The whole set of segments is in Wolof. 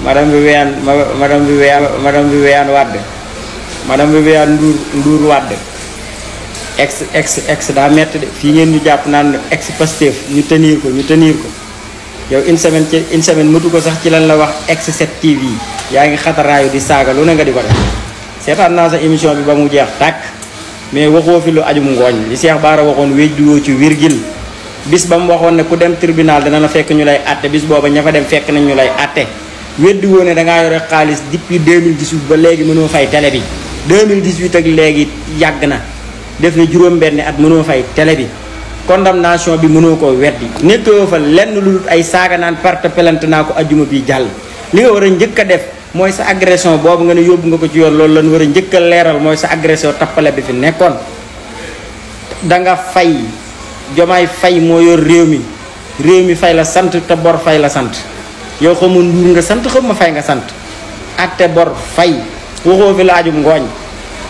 Madam Vivian, Madam Vivian, Madam Vivian wad Madam Vivian ndour ndour wad ex ex ex da metti de fi ngeen ñu japp naan ex pastef ñu tenir ko ñu tenir ko yow une semaine ci une semaine mutu ko sax ci lan la wax ex 7 tv yaa ngi xataraayu di saga, lu ne nga di ko def seetaan naa sa émission bi ba mu jeex tàkk mais waxoo fi lu ajum ngooñ li cheikh baara waxoon wéej du ci virgule bis ba mu waxoon ne ku dem tribunal dana la fekk ñu lay atte bis booba ña dem fekk nañ ñu lay weddi woo ne da ngaa yore xaalis depuis 2018 ba léegi mënoo fay télé bi 2018 ak léegi yàgg na def na juróom-benn at mënoo fay tele bi condamnation bi mënoo ko weddi nekkoo fa lenn lu dul ay saaga naan parte pelante naa ko ajuma bi jàll li nga war njëkk a def mooy sa agression boobu nga ne yóbbu nga ko ci yoon loolu lan war a njëkk a leeral mooy sa agression tappale bi fi nekkoon da nga fay jomaay fay moo yor réew mi réew mi fay la sant te bor fay la sant yow xaw ma nga sant xaw ma fay nga sant atte bor fay waxoo fi laajum ngooñ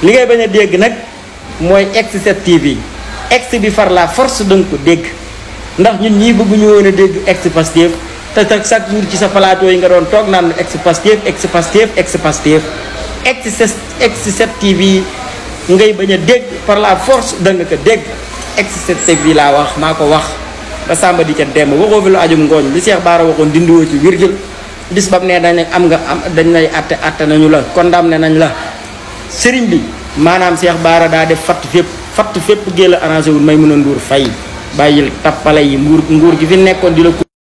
li ngay bañ a dégg nag X7 TV X bi far la force danga ko dégg ndax ñun ñii bëgguñu woon a dégg X Pastef te te chaque jour ci sa plateau yi nga X X X X7 X7 TV ngay par la force danga ko dégg X7 TV laa wax wax ba sàmba di ca demb waxoo fi lu ajum ngooñ li Cheikh Baara waxoon dindiwoo ci virgule bis bam ne dañ am nga am dañ lay atte atte nañu la condamné nañ la sëriñ bi maanaam seex Baara daa def fatt fépp fatt fépp gél a arrangé wul may mën a nduur fay bàyyil tappale yi nguur nguur gi fi nekkoon di la